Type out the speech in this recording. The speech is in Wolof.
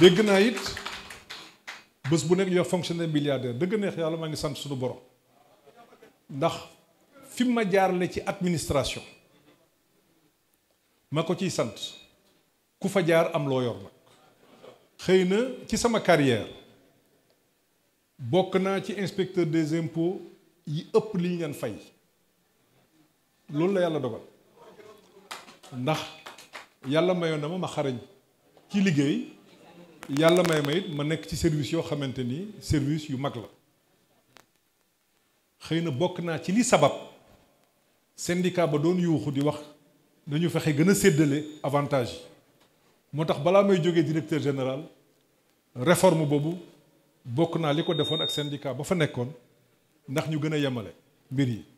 dégg naa it bés bu nekk ñu wax fonctionnaire milliardaire dëgg neex yàlla maa ngi sant suñu borom ndax fi ma jaarale ci administration ma ko ciy sant ku fa jaar am loo yor nag xëy na ci sama carrière bokk naa ci inspecteur des impôts yi ëpp li ñu leen fay loolu la yàlla dogal ndax yàlla mayoon na ma ma xarañ ci liggéey yalla may ma ma nek ci service yo xamanteni service yu mag la xëy na ci li sabab syndicat ba doon yuuxu di wax dañu fexé gëna sédélé avantage motax bala may joggé directeur général réforme bobu bokk na liko ko ak syndicat ba fa nekkoon ndax ñu gëna a mbir yi